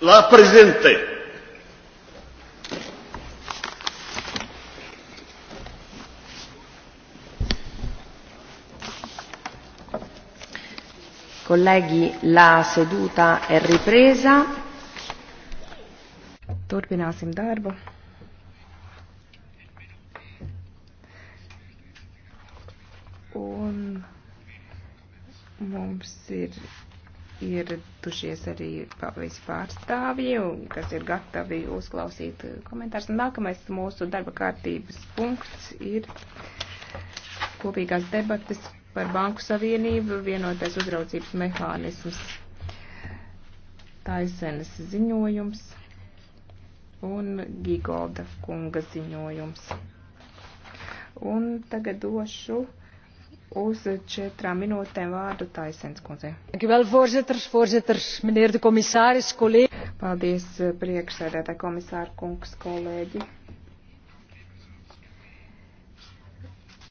la Presidente. Colleghi, la seduta è ripresa. Turpināsim darbu. Un mums ir ieradušies arī visi pārstāvji, kas ir gatavi uzklausīt komentārus. Nākamais mūsu darba kārtības punkts ir kopīgās debates par Banku Savienību vienotais uzraudzības mehānisms. Taisenes ziņojums un Gigolda kunga ziņojums. Un tagad došu uz četrām minūtēm vārdu Taisens kundzei. Paldies, priekšsēdētāji komisāri kungs, kolēģi.